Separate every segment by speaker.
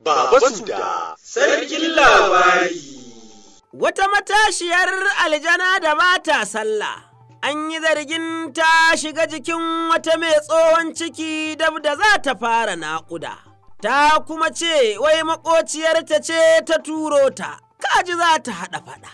Speaker 1: Baba Suda, Sarkin Labari.
Speaker 2: Wata matashiyar aljana da ba ta sallah, an yi zargin ta shiga jikin wata mai tsohon ciki dab da za ta fara naƙuda. Ta kuma ce wai maƙociyarta ce ta turo ta, kaji za ta haɗa faɗa.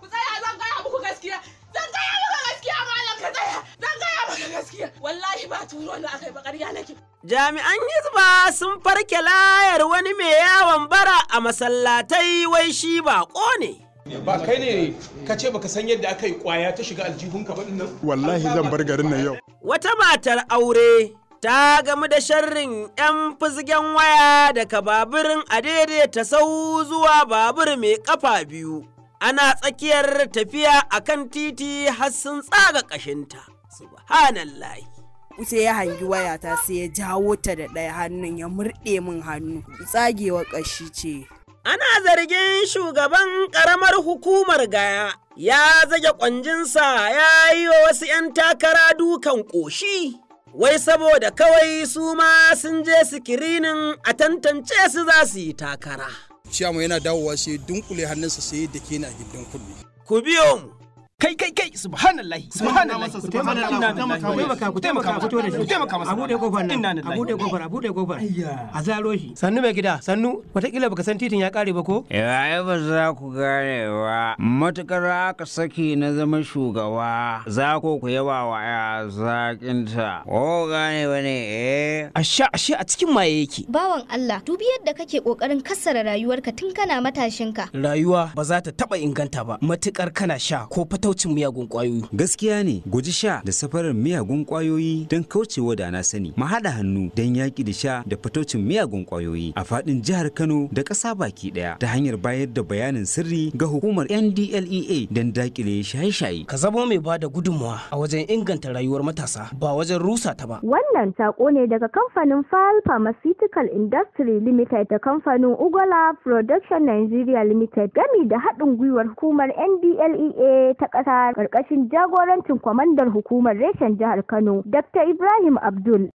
Speaker 2: Ku tsaya zan gaya muku gaskiya, zan gaya muku gaskiya malam ka tsaya, zan gaya muku gaskiya.
Speaker 3: Wallahi ba turo na akai ba ƙarya nake.
Speaker 2: Jami'an Hizba sun farke layar wani mai yawon bara a masallatai wai shi baƙo ne. ba kai ne ka ce baka san yadda aka yi kwaya ta shiga aljihun ba nan wallahi zan bar garin nan yau wata matar aure ta gamu da sharrin 'yan fizgen waya daga baburin a daidaita sau zuwa babur mai kafa biyu ana tsakiyar tafiya a kan titi har sun tsaga ƙashinta subhanallahi
Speaker 3: sai ya hangi wayata sai ya jawo ta da ɗaya hannun ya murɗe min
Speaker 2: hannu tsagewa ƙashi ce ana zargin shugaban ƙaramar hukumar gaya ya zage kwanjinsa ya yi wa wasu 'yan takara dukan ƙoshi wai saboda kawai su ma sun je sikirinin a
Speaker 1: tantance su za su yi takara. Ciyama yana dawowa sai dunkule hannunsa sai da ke na gindin kulli. Ku biyo mu. kai kai kai subhanallahi subhanallahi ku taimaka
Speaker 4: ku taimaka ku fito da taimaka
Speaker 2: masa abu da kofar nan abu da kofar abu da kofar a zaro shi sannu mai gida sannu watakila baka san titin ya kare ba ko
Speaker 5: yayi eh, ba za ku gane ba matukar aka saki na zama shugaba za ko ku yaba wa ya zakin ta ko gane ba ne eh asha ashe a cikin maye yake
Speaker 3: bawan Allah
Speaker 6: dubi yadda kake kokarin kasara rayuwarka tun kana matashinka
Speaker 2: rayuwa ba za ta taba inganta ba matukar kana sha ko fata kaucin miyagun kwayoyi. Gaskiya ne guji sha da safarar miyagun
Speaker 5: kwayoyi don kaucewa da na sani. Mu haɗa hannu don yaƙi da sha da fitocin miyagun kwayoyi a faɗin jihar Kano da ƙasa baki ɗaya ta hanyar bayar da bayanin sirri ga hukumar NDLEA don daƙile shaye-shaye. Ka zama mai ba da gudunmawa a wajen inganta rayuwar matasa ba wajen rusa ta ba.
Speaker 6: Wannan saƙo ne daga kamfanin Fal Pharmaceutical Industry Limited da kamfanin Ugola Production Nigeria Limited gami da haɗin gwiwar hukumar NDLEA ta Kasa ƙarƙashin jagorancin kwamandan hukumar reshen jihar
Speaker 4: Kano, Dr. Ibrahim Abdul.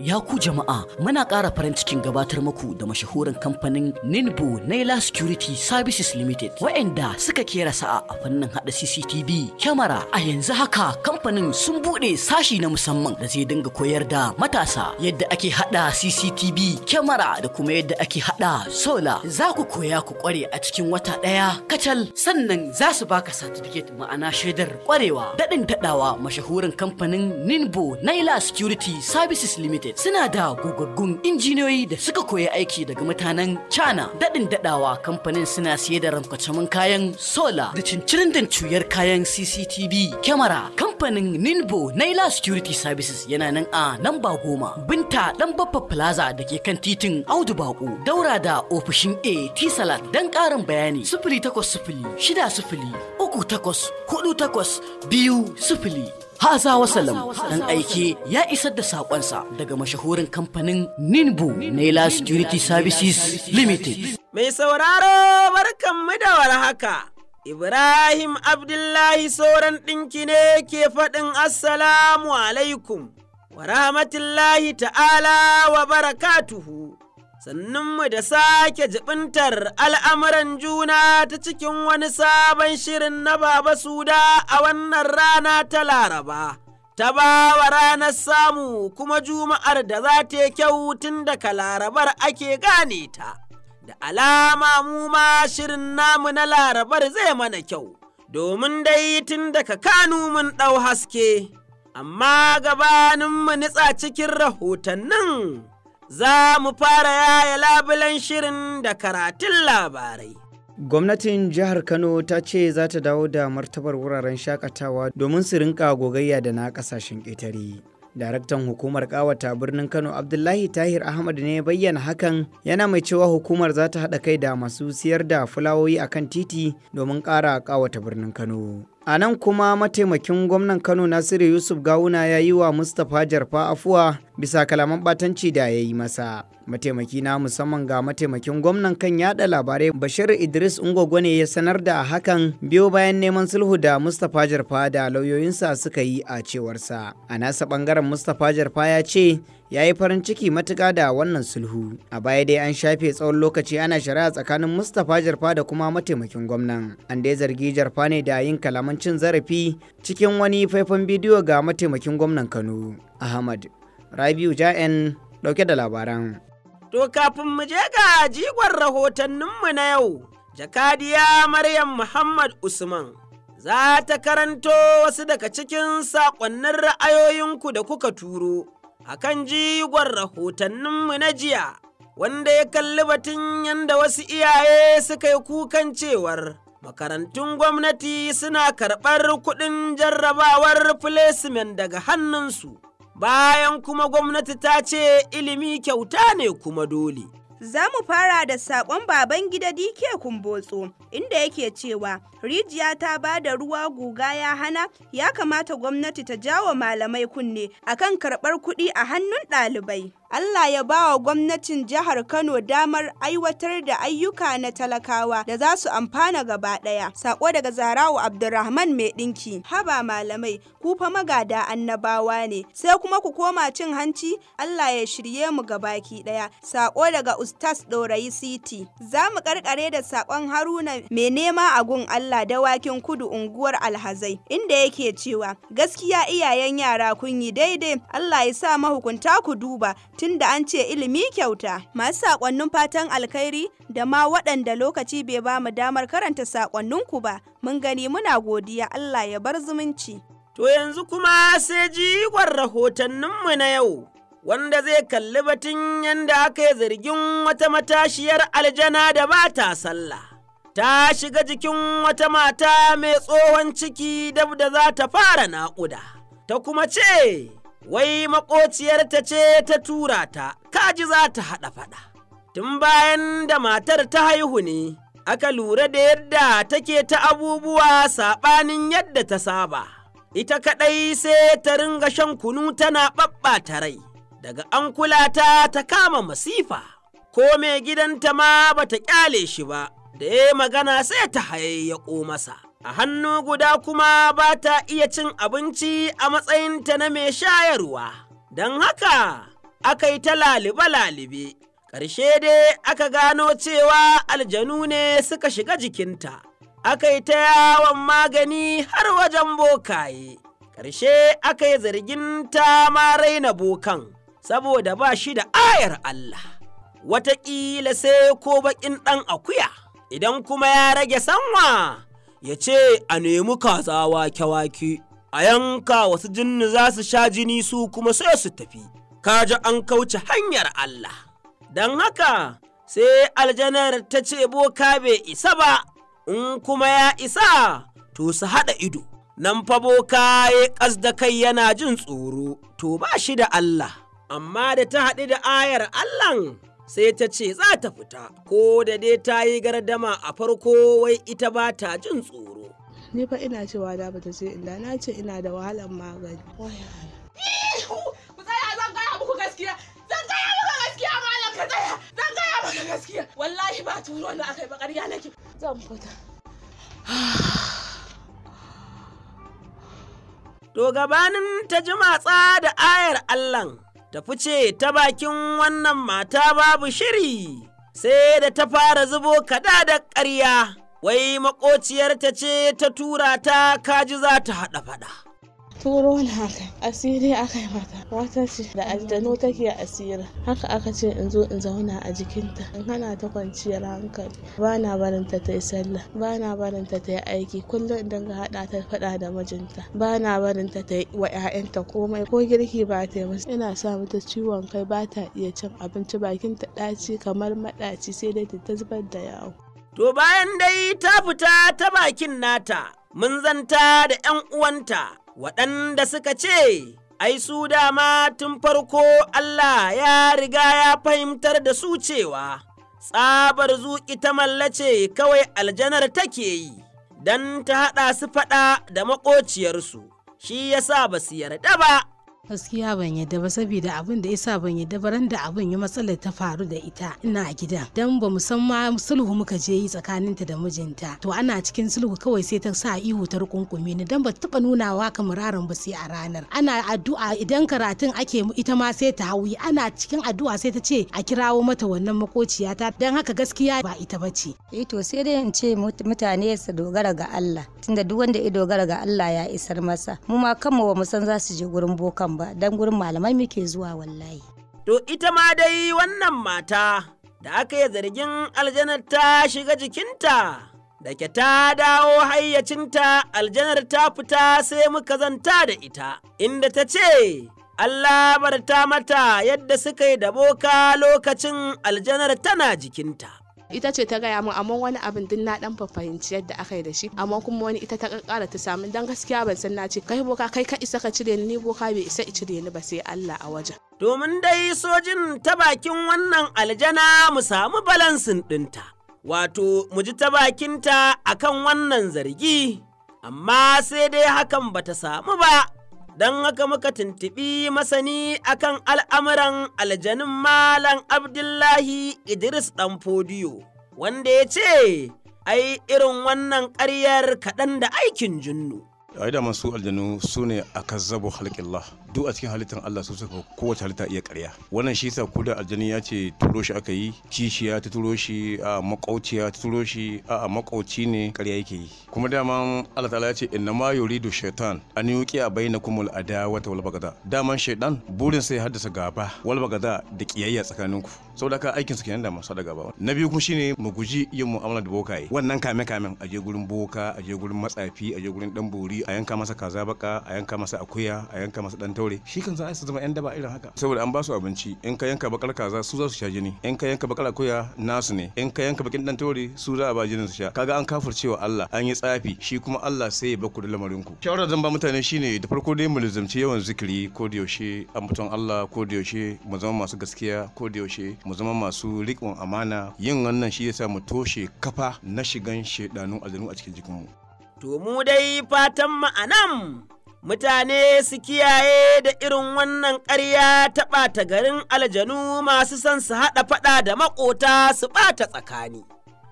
Speaker 4: Ya ku jama'a muna ƙara farin cikin gabatar muku da mashahuran kamfanin Ninbo Naila Security Services Limited waɗanda suka kera sa'a a fannin haɗa CCTV kyamara a yanzu haka kamfanin sun buɗe sashi na musamman da zai dinga koyar da matasa yadda ake haɗa CCTV kyamara da kuma yadda ake haɗa sola za ku koya ku ƙware a cikin wata ɗaya kacal sannan za su baka certificate ma'ana shaidar ƙwarewa daɗin taɗawa mashahurin kamfanin Ninbo Naila Security Services Limited limited suna da gogaggun injiniyoyi da suka koyi aiki daga mutanen china daɗin daɗawa kamfanin suna siye da rankwacemin kayan sola da cincirin cuyar kayan cctv kyamara kamfanin ninbo naila security services yana nan a namba goma binta dan baffa plaza da ke kan titin audu bako daura da ofishin a t salat don ƙarin bayani sifili takwas sifili shida sifili uku 0 haza Wasallam dan aiki ya isar da sakonsa daga mashahurin kamfanin Ninbu Naila Security Services Limited. Mai sauraro barkanmu da warhaka.
Speaker 2: Ibrahim Abdullahi sauran ɗinki ne ke faɗin Assalamu alaikum wa rahmatullahi ta'ala wa barakatuhu. mu da sake jibintar al'amuran juna ta cikin wani sabon shirin na Baba Suda a wannan rana ta Laraba. Ta bawa ranar samu kuma juma'ar da za ta kyau tun daga larabar ake gane ta. Da alama mu ma shirin namu na larabar zai mana kyau, domin dai tun daga kanu mun ɗau haske, amma gabaninmu nitsa cikin rahotannin. za mu fara yaya labulen shirin da karatun labarai.
Speaker 7: Gwamnatin jihar Kano ta ce za ta dawo da martabar wuraren shakatawa domin su rinka gogayya da na kasashen ƙetare. Daraktan hukumar kawata birnin Kano Abdullahi Tahir Ahmad ne bayyana hakan yana mai cewa hukumar za ta haɗa kai da masu siyar da fulawoyi akan titi domin ƙara kawata birnin Kano. a nan kuma mataimakin gwamnan kano nasiru yusuf gawuna ya yi wa mustapha jarfa afuwa bisa kalaman batanci da ya yi masa mataimaki na musamman ga mataimakin gwamnan kan yada labarai bashir idris ungwagwa ne ya sanar da a hakan biyo bayan neman sulhu da mustapha jarfa da lauyoyinsa suka yi a cewarsa a nasa bangaren mustapha jarfa ya ce ya yi farin ciki matuka da wannan sulhu a baya dai an shafe tsawon lokaci ana shari'a tsakanin mustapha jarfa da kuma mataimakin gwamnan an dai zargi jarfa ne da yin kalaman cin zarafi cikin wani faifan bidiyo ga mataimakin gwamnan kano ahmad rabiu ja'en dauke da labaran
Speaker 2: to kafin mu je ga jigon rahotanninmu na yau jakadiya maryam muhammad usman za ta karanto wasu daga cikin saƙonnin ra'ayoyinku da kuka turo a kan jigon rahotanninmu na jiya wanda ya kalli batun yadda wasu iyaye suka yi kukan cewar makarantun gwamnati suna karɓar kuɗin jarrabawar filesimen daga hannunsu bayan kuma gwamnati ta ce ilimi kyauta ne kuma dole.
Speaker 3: Za mu fara da saƙon baban gida dike kumbotso inda yake cewa rijiya ta ba da ruwa guga ya hana ya kamata gwamnati ta jawo malamai kunne akan karɓar kuɗi a hannun ɗalibai. Allah ya ba wa gwamnatin jihar Kano damar aiwatar da ayyuka na talakawa da za su amfana gaba ɗaya. Sako daga Zarawu Abdulrahman mai ɗinki. Haba malamai, ku fa magada annabawa ne. Sai kuma ku koma cin hanci, Allah ya shirye mu gabaki ɗaya. Sako daga Ustaz Ɗorayi City. Za mu karkare da sakon Haruna mai nema a gun Allah dawakin kudu unguwar alhazai inda yake cewa gaskiya iyayen yara kun yi daidai Allah ya sa mahukunta ku duba tunda an ce ilimi kyauta masu sakonnin fatan alkhairi da ma waɗanda lokaci bai ba mu damar karanta saƙonninku ba mun gani muna godiya Allah ya bar zumunci
Speaker 2: To yanzu kuma sai jigon rahotanninmu na yau, wanda zai kalli batun yadda aka yi zargin wata matashiyar aljana da ba ta sallah. ta shiga jikin wata mata mai tsohon ciki dab da za ta fara naƙuda, ta kuma ce, wai maƙociyarta ce ta tura ta, kaji za ta haɗa faɗa. Tun bayan da matar ta haihu ne, aka lura da yadda take ta abubuwa saɓanin yadda ta saba. Ita kaɗai sai ta ringa shan kunu tana ɓaɓɓata rai, daga an kula ta ta kama masifa, ko mai gidanta ma bata ƙyale shi ba. da ya magana sai ta hayayyaƙo masa. A hannu guda kuma ba ta iya cin abinci a matsayinta na mai shayarwa, don haka aka yi ta lalibe-lalibe. Ƙarshe dai aka gano cewa aljanu ne suka shiga jikinta, aka yi ta yawon magani har wajen bokaye. Ƙarshe aka yi zargin ta ma raina bokan, saboda ba shi da ayar Allah. Wataƙila sai ko baƙin ɗan akuya. idan kuma ya rage sanwa ya ce a nemi kaza wake-wake a yanka wasu jinni za su sha jini su kuma sai su tafi kaji an kauce hanyar Allah don haka sai aljanar ta ce boka bai isa ba in kuma ya isa to su haɗa ido nan fa boka ya ƙas da kai yana jin tsoro to ba shi da Allah amma da ta haɗu da ayar Allahn sai ta ce za ta fita ko da dai ta yi gardama a farko wai ita ba ta jin tsoro.
Speaker 3: Ni fa ina cewa da ba ta ce inda na ce ina da wahalar magani. Wallahi ba turo nake. Zan
Speaker 2: To gabanin ta ji matsa da ayar Allahn. ta fice ta bakin wannan mata babu shiri, sai da ta fara zubo kada da ƙarya, wai maƙociyarta ce ta tura ta kaji za ta haɗa faɗa.
Speaker 3: turo na haka asiri aka yi mata wata ce da aljanu take asira haka aka ce in zo in zauna a jikinta in hana ta kwanciyar hankali ba na barin ta ta yi sallah ba na barin ta ta yi aiki kullum in dinga haɗa ta faɗa da mijinta ba na barin ta ta yi wa 'ya'yanta komai ko girki ba ta yi musu ina sa mata ciwon kai ba ta iya cin abinci bakin ta ɗaci kamar maɗaci sai dai ta zubar da yawo.
Speaker 2: To bayan dai ta fita ta bakin nata mun zanta da 'yan uwanta waɗanda suka ce, Ai, su dama tun farko Allah ya riga ya fahimtar da su cewa, tsabar zuƙi ta mallace kawai aljanar take yi, don ta haɗa su faɗa da maƙociyarsu, shi yasa ba su yarda ba.
Speaker 4: gaskiya ban yadda ba saboda abin da yasa ban yadda ba ran da abin ya matsalar ta faru da ita ina a gidan dan ba san ma sulhu muka je yi tsakaninta da mijinta to ana cikin sulhu kawai sai ta sa ihu ta rukunkume ni dan ba taba nunawa ka muraren ba sai a ranar ana addu'a idan karatun ake ita ma sai ta hauyi ana cikin addu'a sai ta ce a kirawo mata wannan makociya ta dan haka gaskiya ba ita ce eh to sai dai in ce mutane su dogara ga Allah
Speaker 6: tunda duk wanda ya dogara ga Allah ya isar masa mu ma kanmu ba mu san za su je gurin bokan kan ba don gurin malamai muke zuwa wallahi
Speaker 2: to ita ma dai wannan mata da aka yi zargin aljanar ta shiga jikinta da ke ta dawo hayyacinta aljanar ta fita sai muka zanta da ita inda ta ce Allah barta mata yadda suka yi da boka lokacin aljanar tana jikinta.
Speaker 3: ita ce ta gaya min amma wani abin din na dan fahimci yadda aka yi da shi amma kuma wani ita ta kakkara ta samu dan gaskiya ban san na ce kai boka kai ka isa ka cire ni boka bai isa cire
Speaker 2: ni ba sai Allah a wajen domin dai sojin ta bakin wannan aljana mu samu balansin dinta wato mu ji ta bakinta akan wannan zargi amma sai dai hakan bata samu ba don haka muka tuntuɓi masani akan al'amuran aljanin Malam Abdullahi Idris fodiyo wanda ya ce, ai irin wannan ƙaryar kaɗan da aikin junnu.
Speaker 1: Ai da masu aljanu su ne a kazzabu halƙillah. duk a cikin halittar Allah sun saka kowace halitta iya ƙarya wannan shi yasa kuda aljani ya ce turo shi aka yi kishiya ta turo shi a makauciya ta turo shi a makauci ne ƙarya yake yi kuma dama Allah ta'ala ya ce inna ma yuridu shaitan an yuqi bainakumul adawata wal bagada daman shaitan burin sai haddasa gaba wal bagada da kiyayya tsakaninku saboda ka aikin su kenan da masu da gaba na biyu kuma shine mu guji yin mu'amala da bokaye wannan kame kamen aje gurin boka aje gurin matsafi aje gurin dan bori a yanka masa kaza baka a yanka masa akuya a yanka masa dan taure shi kan za su zama yan daba irin haka saboda an ba su abinci in ka yanka bakar kaza su za su sha jini in ka yanka bakar akuya nasu ne in ka yanka bakin dan taure su za a ba jinin su sha kaga an kafircewa Allah an yi tsafi shi kuma Allah sai ya baku da lamarin ku shawara zan ba mutane shine da farko dai mu lizamci yawan zikiri ko da yaushe ambaton Allah ko da yaushe mu zama masu gaskiya ko da yaushe mu zama masu riƙon amana yin wannan shi yasa mu toshe kafa na shigan shedanun aljanu a cikin jikinmu
Speaker 2: to mu dai fatan ma'anan mutane su kiyaye da irin wannan ƙarya ta ɓata garin aljanu masu son su haɗa faɗa da maƙota su ɓata tsakani.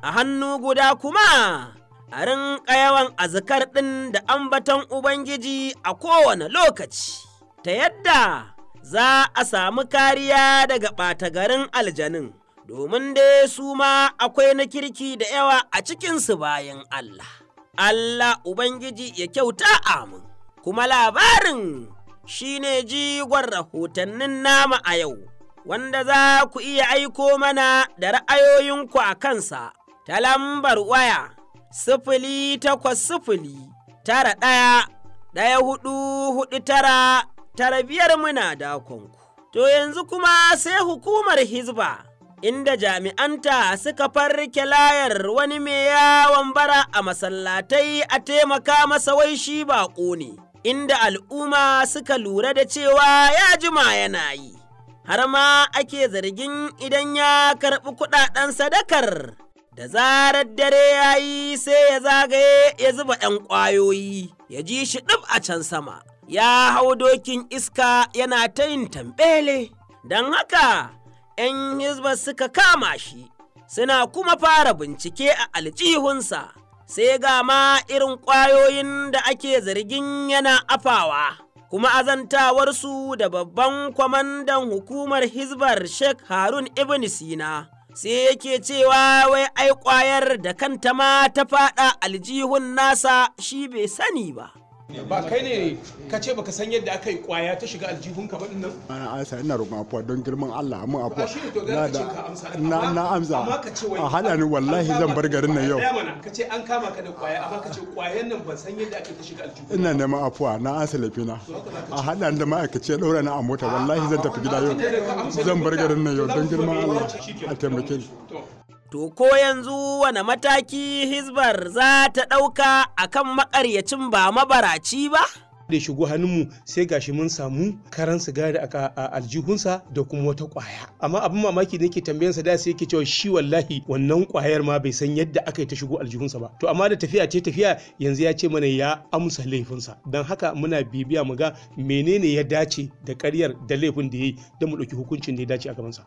Speaker 2: A hannu guda kuma, a rinƙa yawan azikar ɗin da ambaton Ubangiji a kowane lokaci, ta yadda za a samu kariya daga ɓata garin aljanin, domin dai su ma akwai na kirki da yawa a cikinsu bayan Allah. Allah Ubangiji ya kyauta amin. kuma labarin shi ne jigon rahotannin nama a yau, wanda za ku iya aiko mana da ra'ayoyinku a kansa ta lambar waya sifili takwas sifili tara ɗaya ɗaya hudu hudu tara tara biyar muna dakonku. To yanzu kuma sai hukumar Hizba. inda jami'anta suka farke layar wani mai yawon bara a masallatai a taimaka masa wai shi baƙo ne. inda al'umma suka lura da cewa ya jima yana yi, har ma ake zargin idan ya karɓi kuɗaɗen sadakar, da zarar dare ya yi sai ya zagaye ya zuba ‘yan ƙwayoyi, ya ji shi ɗub a can sama, ya hau dokin iska yana ta yin tambele. Don haka, ‘yan hizba suka kama shi, suna kuma fara bincike a aljihunsa. sai ga ma irin ƙwayoyin da ake zargin yana afawa. Kuma azantawarsu da babban kwamandan hukumar Hizbar Sheikh Harun Ibn Sina. sai yake cewa wai ai ƙwayar da kanta ma ta faɗa aljihun nasa
Speaker 1: shi bai sani ba. ba kai ne ka ce baka san yadda aka yi kwaya ta shiga aljihun ka baɗin nan
Speaker 2: ana aisa ina roƙon afuwa don girman Allah amma afuwa na da na na amsa a hada ni wallahi zan bar garin nan yau
Speaker 1: ka ce an kama ka da kwaya amma ka ce kwayan nan ban san yadda aka ta shiga aljihun
Speaker 2: ina neman afuwa na ansa lafina a hada ni da ma'aikaci ya ɗaura
Speaker 1: na a mota wallahi zan tafi gida yau zan bar garin nan yau don girman Allah a taimake ni To
Speaker 2: ko yanzu wane mataki Hizbar za ta ɗauka kan maƙaryacin ba mabaraci ba?
Speaker 1: da shigo hannunmu sai gashi mun samu karan sigari a aljihunsa da kuma wata kwaya amma abin mamaki da yake tambayan sa da sai yake cewa shi wallahi wannan kwayar ma bai san yadda aka yi ta shigo aljihunsa ba to amma da tafiya ce tafiya yanzu ya ce mana ya amsa laifinsa don haka muna bibiya mu ga menene ya dace da ƙaryar da laifin da yi, don mu ɗauki hukuncin da ya dace a gabansa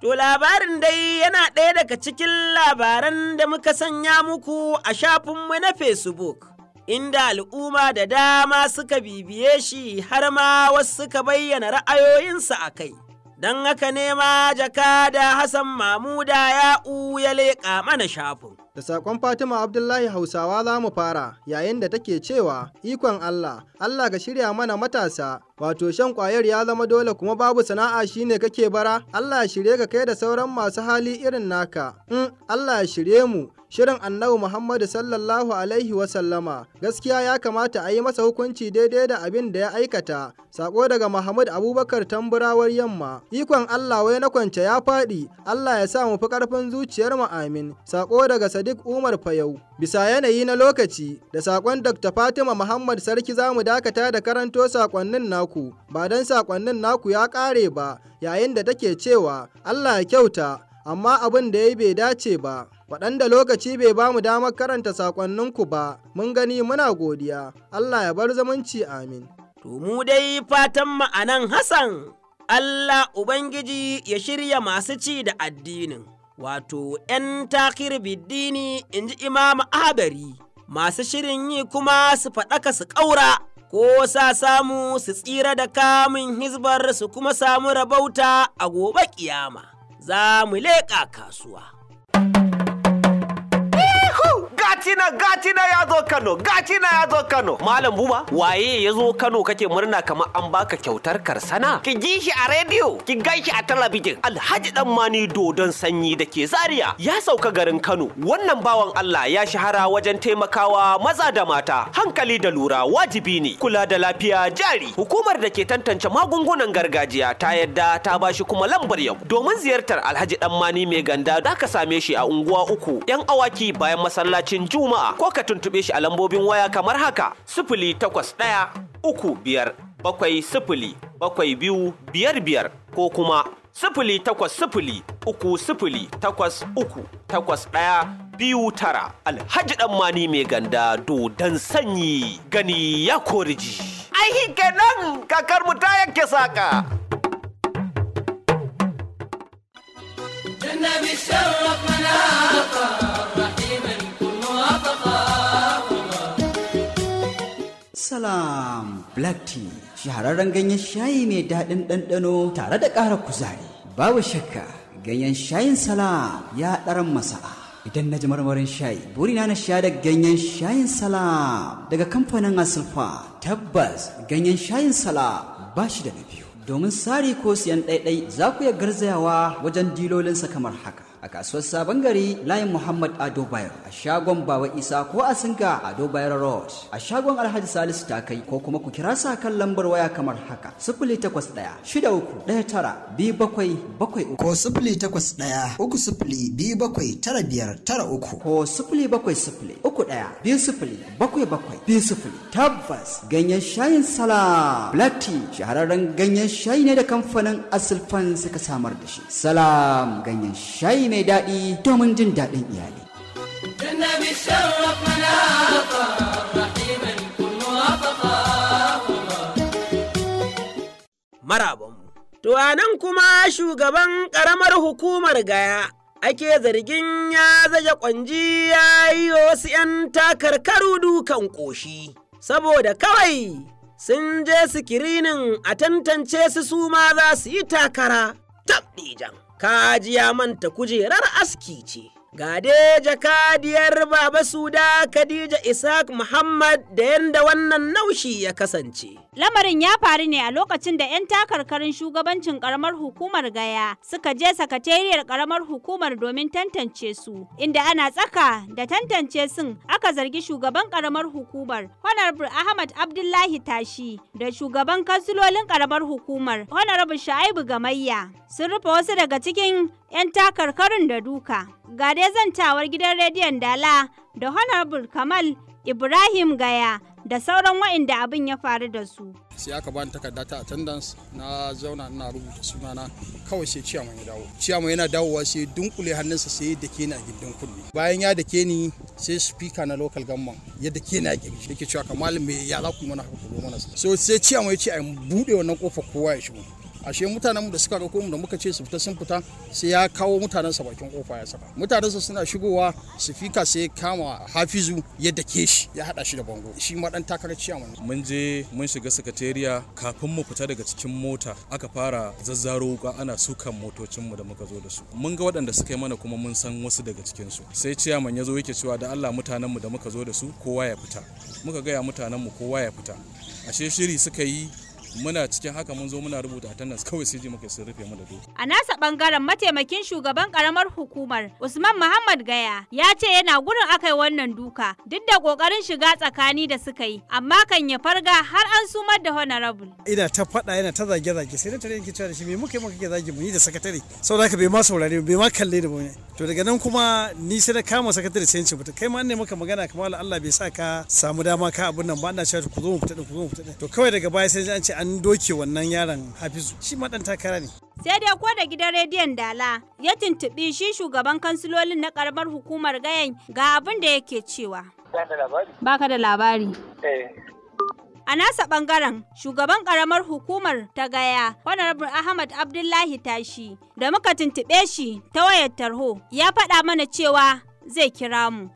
Speaker 2: To labarin dai yana ɗaya daga cikin labaran da muka sanya muku a shafinmu na Facebook, inda al'umma da dama suka bibiye shi har ma wasu suka bayyana ra'ayoyinsa a kai. Don haka ne ma da Hassan Mamuda ya'u ya leƙa mana shafin.
Speaker 8: Da saƙon Fatima Abdullahi Hausawa za mu fara yayin da take cewa ikon Allah, Allah ga shirya mana matasa wato shan kwayar ya zama dole kuma babu sana'a shine kake bara Allah ya shirye ka kai da sauran masu hali irin naka in mm, Allah ya shirye mu shirin annabi Muhammadu sallallahu alaihi wasallama gaskiya ya kamata a yi masa hukunci daidai da abin da ya aikata sako daga Muhammad Abubakar tamburawar yamma ikon Allah wai na kwance ya faɗi Allah ya sa mu fi karfin zuciyar mu amin sako daga Sadiq Umar Fayau bisa yanayi na lokaci da sakon Dr. Fatima Muhammad Sarki zamu dakata da karanto sakonnin naku naku ba don saƙonnin naku ya kare ba yayin da take cewa Allah ya kyauta amma abin da ya bai dace ba waɗanda lokaci bai ba mu damar karanta sakonninku ba mun gani muna godiya Allah ya bar zumunci amin. To mu dai fatan ma'anan
Speaker 2: Hassan Allah Ubangiji ya shirya masu ci da addinin wato ‘yan takir biddini in ji imama Ahabari masu shirin yi kuma su faɗaka su ƙaura. ko sa samu su tsira da kamun hizbar su kuma samu rabauta a gobe kiyama za mu leƙa kasuwa. gatina gatina ya zo Kano gatina ya zo Kano malam buba waye ya zo Kano kake murna kamar an baka kyautar karsana ki ji shi a rediyo ki gaishi a talabijin Alhaji dan Mani Dodon Sanyi da ke Zaria ya sauka garin Kano wannan bawan Allah ya shahara wajen taimakawa maza da mata hankali da lura wajibi ne kula da lafiya jari hukumar da ke tantance magungunan gargajiya ta yadda ta ba shi kuma lambar yau domin ziyartar Alhaji dan Mani mai ganda da ka same shi a unguwa uku yan awaki bayan masallacin Juma'a ko ka tuntuɓe shi a lambobin waya kamar haka sifili takwas ɗaya
Speaker 5: uku biyar bakwai sifili bakwai
Speaker 2: biyu biyar biyar ko kuma sifili takwas sifili uku sifili takwas uku takwas ɗaya biyu tara alhaji ɗan mani mai ganda dodon sanyi gani ya koriji. Ai kenan kakar mu ta yanke saka. Tunabi sarrafa
Speaker 8: salam black tea shahararren ganyen shayi mai daɗin ɗanɗano tare da ƙara kuzari babu shakka ganyen shayin salam ya ɗaran masa'a idan na ji marmarin shayi burina na sha da ganyen shayin salam daga kamfanin asulfa tabbas ganyen shayin salam ba shi da na biyu domin sari ko siyan ɗaiɗai za ku iya garzayawa wajen dilolinsa kamar haka a kasuwar sabon gari layin muhammad ado bayar a shagon bawa isa ko a singa ado bayar road a shagon alhaji salisu ta kai ko kuma ku kira sa kan lambar waya kamar haka sifili takwas ɗaya shida uku ɗaya tara biyu bakwai bakwai uku ko sifili takwas ɗaya uku sifili biyu bakwai tara biyar tara uku ko sifili bakwai sifili uku ɗaya biyu sifili bakwai bakwai biyu sifili tabbas ganyen shayin salam black tea shahararren ganyen shayi ne da kamfanin asilfan suka samar da shi salam ganyen shayi mai daɗi domin jin daɗin iyali.
Speaker 2: To a nan kuma shugaban ƙaramar hukumar gaya ake zargin ya zaje ƙwanji ya yi wasu 'yan takarkaru dukan ƙoshi, saboda kawai sun je sikirinin a tantance su su ma za su yi takara tabdijan. ka ya manta kujerar aski ce Gade, jakadiyar Baba Suda Khadija Isaac Muhammad da yadda wannan naushi ya kasance.
Speaker 6: Lamarin ya faru ne a lokacin da 'yan takarkarin shugabancin karamar hukumar Gaya suka je sakatariyar karamar hukumar domin tantance su, inda ana tsaka da tantance sun aka zargi shugaban karamar hukumar Honorable Ahmad Abdullahi Tashi da shugaban kansilolin karamar hukumar Honorable Sha'ibu Gamayya sun rufe wasu daga cikin 'yan takarkarin da duka. dai zantawar gidan rediyon Dala da Honorable Kamal Ibrahim Gaya da sauran waɗanda abin ya faru da su.
Speaker 1: Sai aka bani takarda ta attendance na zauna ina rubuta sunana kawai sai ciyaman ya dawo. Ciyaman yana dawowa sai dunkule hannunsa sai da ke ni a gindin kulle Bayan ya da ke ni sai speaker na local gamman ya da ke ni a kirji. Yake cewa kamar me ya za ku yi mana haka ku mana. So sai ciyaman ya ce a buɗe wannan kofar kowa ya shigo. ashe mutanen da suka ga mu da muka ce su fita sun fita sai ya kawo mutanen sa bakin kofa ya saka mutanen sa suna shigowa su fika sai kama hafizu ya dake shi ya hada shi da bango shi ma dan takarar ciyaman mun je mun shiga sakatariya kafin mu fita daga cikin mota aka fara zazzaro ga ana sukan motocin mu da muka zo da su mun ga waɗanda suka yi mana kuma mun san wasu daga cikin su sai ciyaman ya zo yake cewa da Allah mutanen mu da muka zo da su kowa ya fita muka gaya mutanen mu kowa ya fita ashe shiri suka yi muna cikin haka mun zo muna rubuta attendance kawai sai ji muka sun rufe mu da doka.
Speaker 6: A nasa bangaren mataimakin shugaban karamar hukumar Usman Muhammad Gaya ya ce yana gurin akai wannan duka duk da kokarin shiga tsakani da suka yi amma kan ya farga har an sumar da honorable.
Speaker 1: Ina ta faɗa yana ta zage zage sai na tare yake cewa da shi me muke muka ke zage mu yi da sakatare saboda haka bai ma saurare bai ma kalle da mu to daga nan kuma ni sai na kama sakatare sai ce fita kai ma ne muka magana kamar Allah bai sa ka samu dama ka abun nan ba ina cewa ku zo mu fita ku zo mu fita to kawai daga baya sai an ce an doke wannan yaron hafizu shi madan takara ne
Speaker 6: sai dai ko da gidan rediyon dala ya tuntuɓi shi shugaban kansilolin na karamar hukumar gayan ga abin da yake cewa baka da labari eh. A nasa bangaren shugaban karamar hukumar ta gaya Honorable Ahmad Abdullahi Tashi da muka tuntuɓe shi ta wayar tarho ya faɗa mana cewa zai kira mu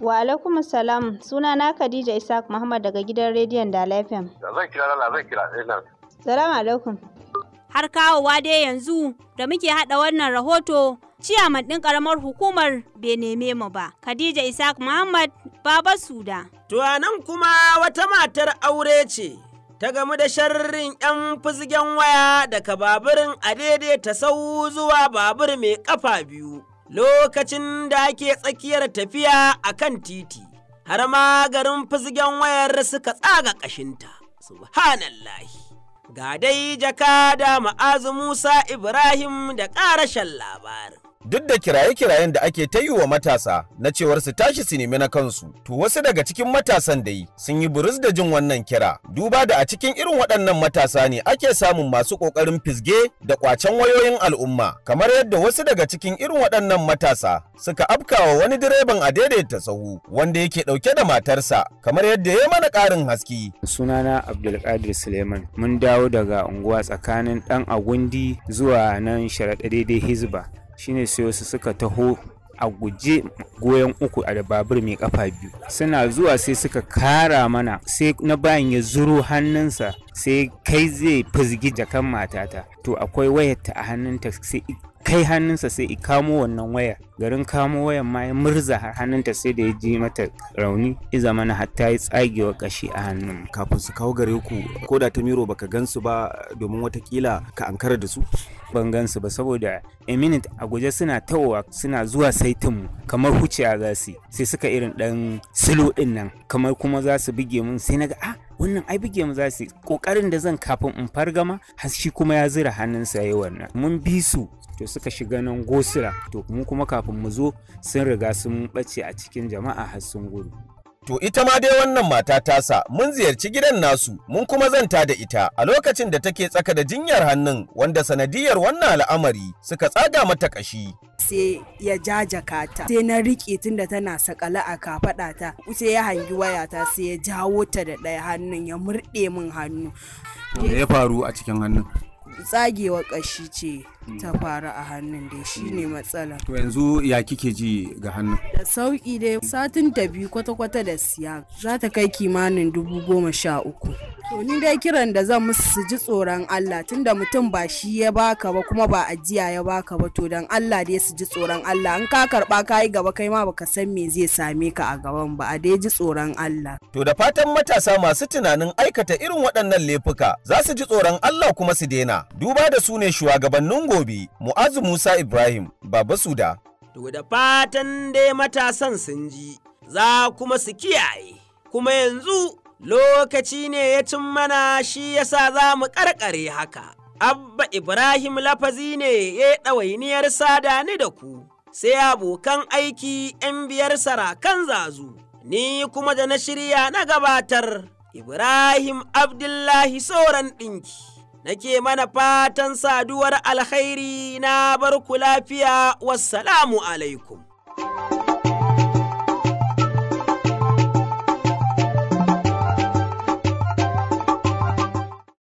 Speaker 6: Wa alaikum salam suna na Khadija Isaac Muhammad daga gidan rediyon da lafiyan. Zan kira lala zan kira eh, Salamu alaikum. Har kawowa dai yanzu da muke haɗa wannan rahoto ciyaman ɗin karamar hukumar bai neme mu ba. Khadija Isaac Muhammad Baba Suda. To
Speaker 2: nan kuma wata matar aure ce. Ta gamu da sharrin 'yan fizgen waya daga baburin a daidai ta sau zuwa babur mai kafa biyu. lokacin da ake tsakiyar tafiya a kan titi, har ma garin fizgen wayar suka tsaga ƙashinta, subhanallahi. Ga dai jaka da ma'azu Musa Ibrahim da ƙarashen labarin.
Speaker 1: Duk da kiraye-kirayen da ake ta yi wa matasa na cewar su tashi su nemi na kansu, to wasu daga cikin matasan da yi sun yi buris da jin wannan kira. Duba da a cikin irin waɗannan matasa ne ake samun
Speaker 2: masu ƙoƙarin fisge da ƙwacen wayoyin al'umma, kamar yadda wasu daga cikin irin waɗannan matasa suka afkawa wani direban a daidaita sahu wanda yake ɗauke da matarsa, kamar yadda ya mana ƙarin haske
Speaker 5: Sunana Abdulkadir Suleiman, mun dawo daga unguwa tsakanin ɗan Agundi zuwa nan sharaɗa daidai Hizba. shine sai wasu suka taho a guje goyon uku a da babur mai kafa biyu suna zuwa sai suka kara mana sai na bayan ya zuro hannunsa sai kai zai fizgi jakan matata to akwai wayarta a hannunta sai kai hannunsa sai i kamo wannan waya garin kamo wayan ma ya murza hannunta sai da ya ji mata rauni i zama na hatta ya tsagewa kashi a hannun kafin su kawo gare ku ko da ta miro baka gansu ba domin watakila ka ankara da su ban gansu ba saboda a minute a guje suna tawowa suna zuwa saitin mu kamar huciya za su sai suka irin dan silo din nan kamar kuma za su buge mun sai na ga ah wannan ai bige mu za su kokarin da zan kafin in fargama har shi kuma ya zira hannunsa yayi wannan mun bi su to suka shiga nan gosira to mu kuma kafin mu zo sun riga sun bace a cikin jama'a har sun gudu To ita ma dai
Speaker 2: wannan mata tasa mun ziyarci gidan nasu mun kuma zanta da ita a lokacin da take tsaka da
Speaker 1: jinyar hannun wanda sanadiyar wannan al'amari suka tsaga mata kashi.
Speaker 2: sai
Speaker 3: ya jajaka ta sai na riƙe tun da tana sakala a kafaɗa ta sai ya hangi wayata sai ya jawo ta da ɗaya hannun ya murɗe min hannu.
Speaker 1: Me ya faru a cikin hannun?
Speaker 3: Tsagewa ƙashi ce. Mm. ta fara a hannun shi ne mm. matsala to
Speaker 1: yanzu ya kike ji ga hannun
Speaker 3: da sauki dai satin ta biyu kwata-kwata da siya za ta kai kimanin dubu goma sha uku to ni dai kiran da zan musu su ji tsoron Allah tunda mutum ba shi ya baka ba kuma ba ajiya ya baka ba to dan Allah dai su ji tsoron Allah in ka karba ka yi gaba kai ma baka san me zai same ka a gaban ba a dai ji tsoron Allah
Speaker 2: to da fatan matasa masu tunanin aikata irin waɗannan laifuka za su ji tsoron Allah kuma su
Speaker 1: daina duba da su ne shugabannin Gobe, Mu'azu Musa Ibrahim, Baba Suda.
Speaker 2: To da fatan dai matasan sun ji, za kuma su kiyaye, kuma yanzu lokaci ne ya cin mana shi yasa za mu ƙarƙare haka. Abba Ibrahim lafazi ne ya ɗawainiyar sada ni da ku, sai abokan aiki ‘yan biyar sarakan zazu, ni kuma da na shirya na gabatar, Ibrahim Abdullahi sauran ɗinki. nake mana fatan saduwar alkhairi na barku lafiya wassalamu alaikum.